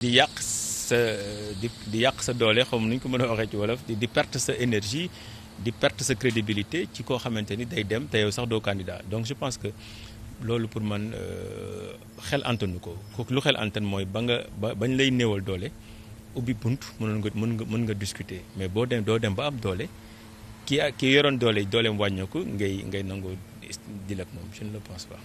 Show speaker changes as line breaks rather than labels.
di yàq sa di di yàq sa doole xam nuñ ko mën a waxee ci wolof di perte sa énergie di perte sa crédibilité ci koo xamante ni day dem te yow sax doo candidat donc je pense que loolu pour man euh, xel antanu ko kooku lu xel antan mooy ba nga ba bañ lay néewal doole ubbi bunt mënoon nga mën nga mën nga discuter mais boo dem doo dem ba am doole ki ki yoroon doole dooleem wàññeeku ngay ngay nangoo di ak moom je ne le
pense pas.